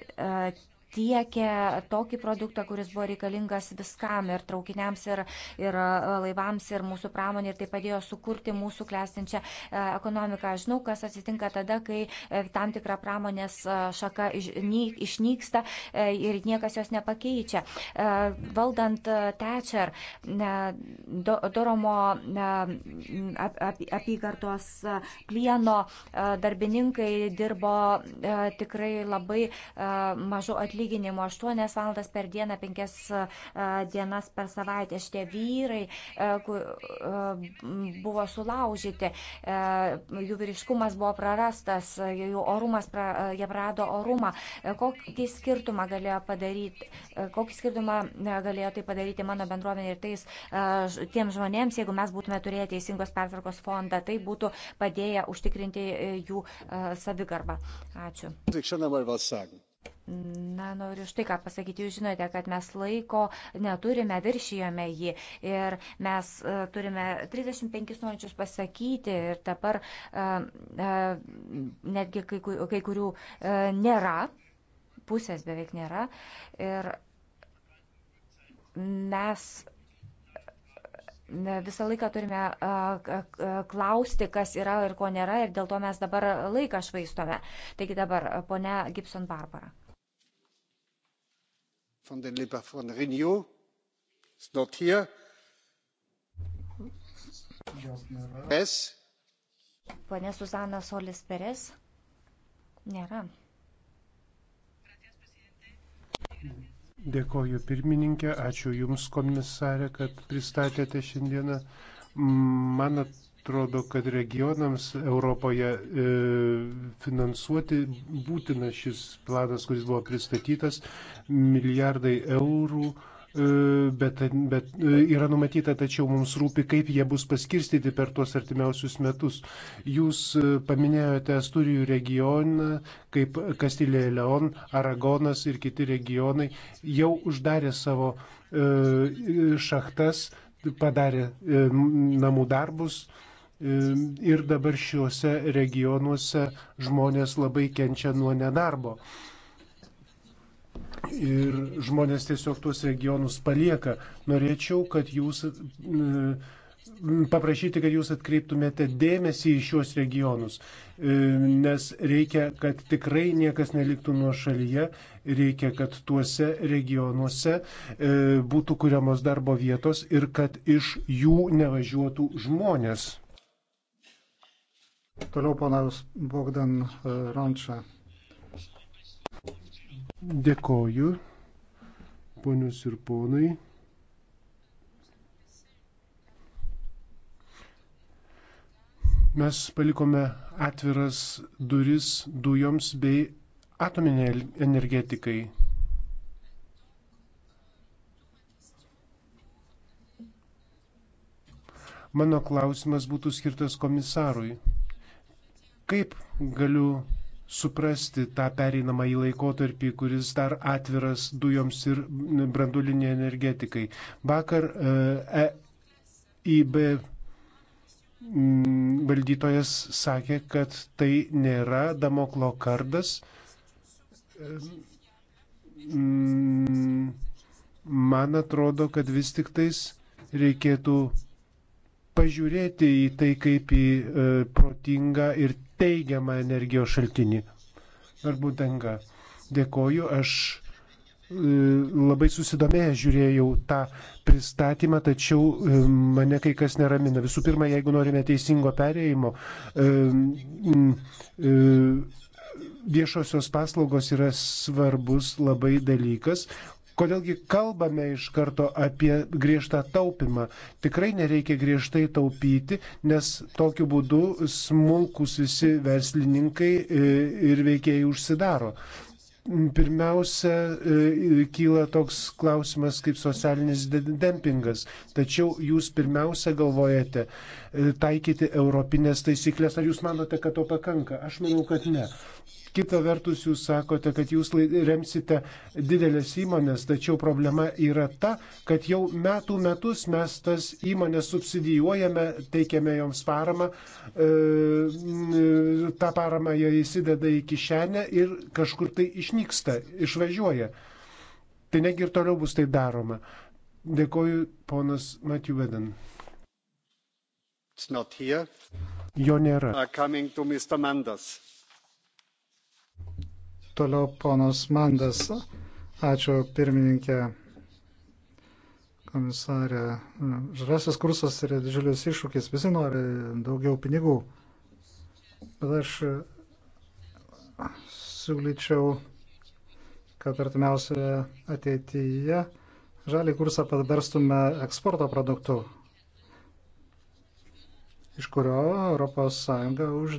tiekė tokį produktą, kuris buvo reikalingas viskam ir traukiniams, ir, ir e, laivams, ir mūsų pramonė, ir tai padėjo sukurti mūsų klestinčią e, ekonomiką. Aš žinau, kas atsitinka tada, kai e, tam tikra pramonės šaka išnyksta ir niekas jos nepakeičia. Valdant Thatcher, Doromo apygardos plieno darbininkai dirbo tikrai labai mažu atlyginimu atlyginimo 8 valandas per dieną, 5 dienas per savaitę. Šitie vyrai buvo sulaužyti, jų vyriškumas buvo prarastas, jų orumas, jie prarado orumą. Kokį skirtumą galėjo padaryti, kokį skirtumą galėjo tai padaryti mano bendruomenė ir tais, tiems žmonėms, jeigu mes būtume turėję teisingos pertvarkos fondą, tai būtų padėję užtikrinti e, jų savigarbą. Ačiū. Na, noriu štai ką pasakyti. Jūs žinote, kad mes laiko neturime, viršijome jį. Ir mes uh, turime 35 norinčius pasakyti. Ir dabar uh, uh, netgi kai, kai kurių uh, nėra, pusės beveik nėra. Ir mes visą laiką turime klausti, kas yra ir ko nėra ir dėl to mes dabar laiką švaistome. Taigi dabar ponia Gibson Barbara. Von den Lipa von Renew. It's not here. Pes. Pane Susana Solis Peres. Nėra. Gracias, presidente. Gracias. Dėkoju pirmininkė, ačiū Jums komisarė, kad pristatėte šiandieną. Man atrodo, kad regionams Europoje e, finansuoti būtina šis planas, kuris buvo pristatytas, milijardai eurų. E, E, bet, bet e, yra numatyta, tačiau mums rūpi, kaip jie bus paskirstyti per tuos artimiausius metus. Jūs e, paminėjote Asturijų regioną, kaip Kastilė Leon, Aragonas ir kiti regionai jau uždarė savo šachtas, padarė namų darbus. Ir dabar šiuose regionuose žmonės labai kenčia nuo nedarbo ir žmonės tiesiog tuos regionus palieka. Norėčiau, kad jūs e, paprašyti, kad jūs atkreiptumėte dėmesį į šios regionus, e, nes reikia, kad tikrai niekas neliktų nuo šalyje, reikia, kad tuose regionuose e, būtų kuriamos darbo vietos ir kad iš jų nevažiuotų žmonės. Toliau ponas Bogdan Rančia. Dėkoju, ponius ir ponai. Mes palikome atviras duris dujoms bei atominė energetikai. Mano klausimas būtų skirtas komisarui. Kaip galiu suprasti tą pereinamąjį laikotarpį, kuris dar atviras dujoms ir brandulinė energetikai. Vakar EIB e mm, valdytojas sakė, kad tai nėra damoklo kardas. E, mm, man atrodo, kad vis tik tais reikėtų pažiūrėti į tai kaip į e, protingą ir teigiamą energijos šaltinį. Svarbu danga. Dėkoju, aš e, labai susidomėjęs žiūrėjau tą pristatymą, tačiau e, mane kai kas neramina. Visų pirma, jeigu norime teisingo perėjimo, e, e, viešosios paslaugos yra svarbus labai dalykas, Kodėlgi kalbame iš karto apie griežtą taupimą? Tikrai nereikia griežtai taupyti, nes tokiu būdu smulkus visi verslininkai e, ir veikėjai užsidaro. Pirmiausia, e, kyla toks klausimas kaip socialinis dempingas. Tačiau jūs pirmiausia galvojate taikyti europinės taisyklės. Ar jūs manote, kad to pakanka? Aš manau, kad ne. Kita vertus, jūs sakote, kad jūs remsite didelės įmonės, tačiau problema yra ta, kad jau metų metus mes tas įmonės subsidijuojame, teikiame joms paramą, e, e tą paramą jie įsideda į kišenę ir kažkur tai išnyksta, išvažiuoja. Tai negi ir toliau bus tai daroma. Dėkoju, ponas Matijuveden. Jo nėra. Toliau ponas Mandas. Ačiū pirmininkė komisarė. Žaliasis kursas yra didžiulis iššūkis. Visi nori daugiau pinigų. Bet aš siūlyčiau, kad artimiausioje ateityje žalį kursą padarstume eksporto produktu, iš kurio ES už